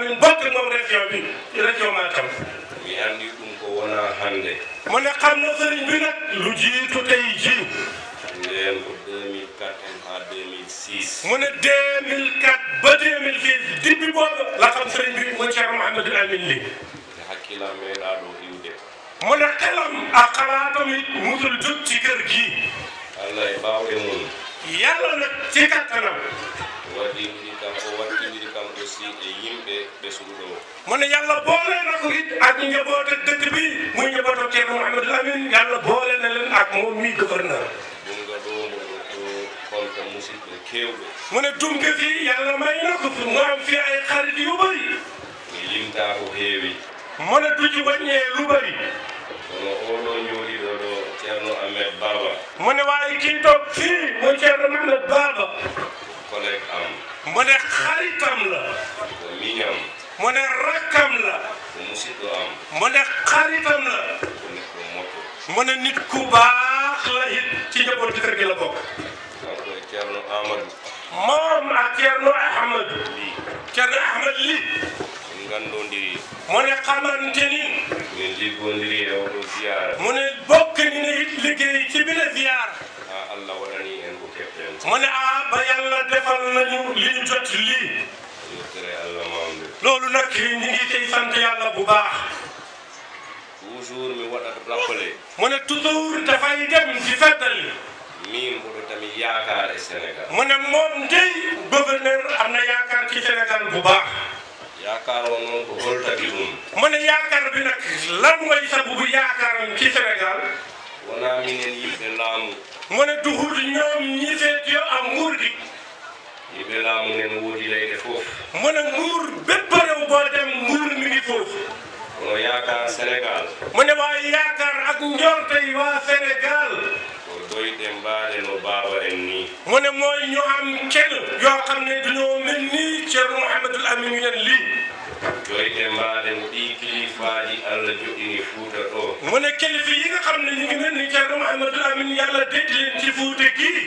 min bokk moom région bi région Matam mi andi ɗum ko wona hannde mu ne xam na sëriñ bi nag lu jiitu tey jii ndeen ko 2004 haa 2006 mu ne 2004 ba 2006 dibbi boobu la xam sëriñ bi mu Ceerno Mouhamadou Amine Ly hakkillam meeɗa ɗo iwde mu ne xelam ak xalaatam it musul jóg ci kër gi allah e baawɗe mum yalla nag ci kattanam waɗi ɗi kam o wattidiri kam aussi e yimɓe ɓe suuɗo o mone yalla boolena ko it ak njaboota dëkk bi muy njabooto ceerno mouhamadoul amin yalla boole na leen ak moom mi gouverneur ɗum ga ɗo kolta musidɓe kewɓe mone dum ga fi yalla may na ko mo am fi ay xarit yu bari mi limta ko heewi mone duji waññee lu kono oɗo jooɗiɗo ɗo ceerno ahmed baba mone wawi kintok fii mo ceerno mahmed baba collègue am mone haritam la ko miñam mone rakkam la ko musidɗo am mone haritam la ko nit nit ku baax la hit ci njabooti kër gi la bokk moom ak ceerno ahmadou li ceerno ahmad li en gandodiri li bondiri e oɗo ziyara mu ne bokk ni ne it liggéey ci bile ziyara ha allah waɗani en ko keɓɗen mu ne a ah, ba yàlla defal nañu liñ jot lii yettere allah mawde loolu nag ñi ngi tey sant yàlla bu baax toujours mi waɗat rappelé mu ne toujours dafay dem ci feddali min mboɗo tami yaakaar e sénégal mu ne moom dey gouverneur am na yaakaar ci sénégal bu baax yaakaaroon noonu ko yaakaar bi nag lan mooy sababu yaakaaram ci Sénégal wonaa minen yimɓe laamu mu ne duhud ñoom ñi feet yo am nguurdi yimɓe laamu nen woodi leyɗe fof mu ne nguur bépp réew yaakaar Sénégal mu ne waa yaakaar ak njortey waa Sénégal doyɗe mbaare ni mu mooy ñu am kenn yoo ne dañoo mel nii Thierno Mouhamadou Amine ñu nen lii joyde mbaɗen ɗi kilifaji allah joɗini fuuta ɗo mone kilifi yi nga xam ne ñu ngi mel ni ceerno mouhamadoul amin yàlla déddi leen ci fuuta gii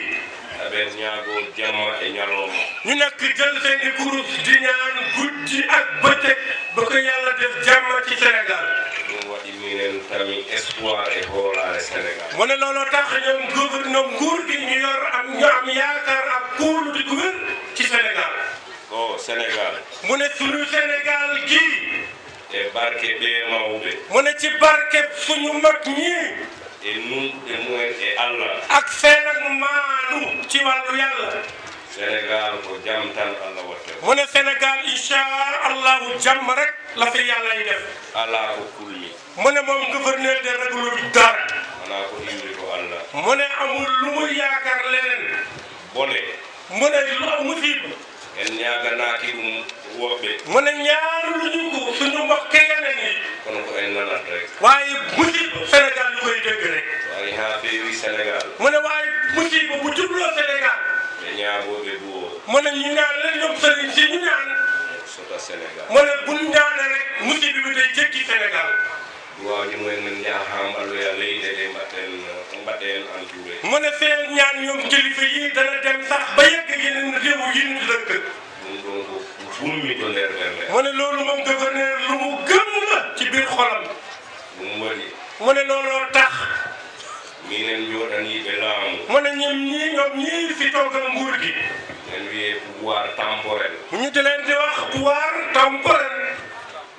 aɓen ñaago jamma e ñalowma ñu nekk jël seen i kurus di ñaan guddi ak bëccëg ba ko de def jamma ci senegal ɗum waɗi minen tami espoir e hoolare sénégal mu ne looloo tax ñoom gouverneur nguur gi ñu yor am ñu am yaakaar ak kuulu di ko ci sénégal o oh, sénégal mu ne sunu sénégal ji e barke ɓe suñu mag ñii e nun e mumen e allah ak seen maanu ci wàllu yàlla sénégal ko jàmm allah watte mu ne sénégal incha allahu jàmm rek la fi yàlla yi def alaa ko kulmi mu ne moom gouverneur de réglo bi mu ne amul lu mu yaakaar leneen bone mu ne lu musiba en na woɓɓe mone ñaaruɗo ñuggu so ñumma keganani kono ko en nanat rek wawi musiba sénégal ñu koy dégg rek wawi ha feewi sénégal mone wawi musiba bu jublo sénégal ɓe ñaagoɓe duwo mone ñu ñaan len ñoom sëriñ si mu ne seen ñaan ñoom kilifa yi dana dem sax ba yegg yeneen réew yi ñu dëkk. mu ne loolu moom gouverneur lu mu gëm la ci biir xolam. mu ne looloo tax. mu ne ñoom ñii ñoom ñii fi toogal nguur gi. ñu di leen di wax pouvoir temporel.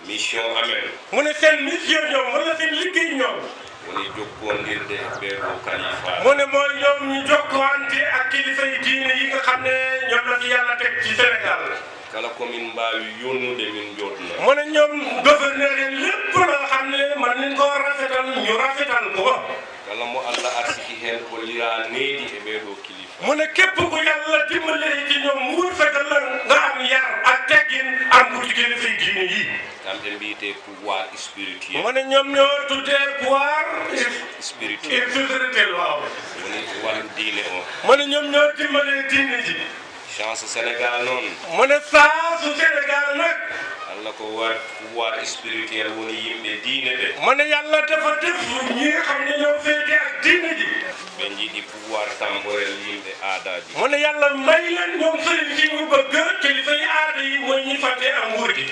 mission amel. mu ne seen mission ñoom wala seen liggéey ñoom. woni jokkondirde ɓe ɗo kalifa mu ne mooy ñoom ñu jokkowante ak kilifa yi diine yi nga xam ne ñoom la fi yàlla teg ci Sénégal kala komin mbaawi yonnude min jotno mu ne ñoom gouverneur en lépp loo xam ne man nañ koo rafetal ñu rafetal ko kala mo allah arsiki hen ko lira needi e ɓeeɗo kilifa mu ne képp ko yàlla dimbaleji ñoom wurtagal la nga am yar a teggin am ko jigéen fi diine yi kamɓe mbiyete pouvoir spirituel mu ne ñoom ñoo tuddee pouvoir spirituel spirituel waaw woni wallu diine o mu ne ñoom ñoo dimbalee diine chance Sénégal noonu. mu ne chance Sénégal nag. yàlla ko war pouvoir spirituel woni yimɓe diine ɓe mone yalla dafa def ñi xam ne ñoo féete ak diine ji ɓe jiɗi pouvoir temporel yimɓe aadaji mone yalla may leen moom sëriñ si ñu bëgg kilifa yi aada yi mooy ñi fàtte am nguur gi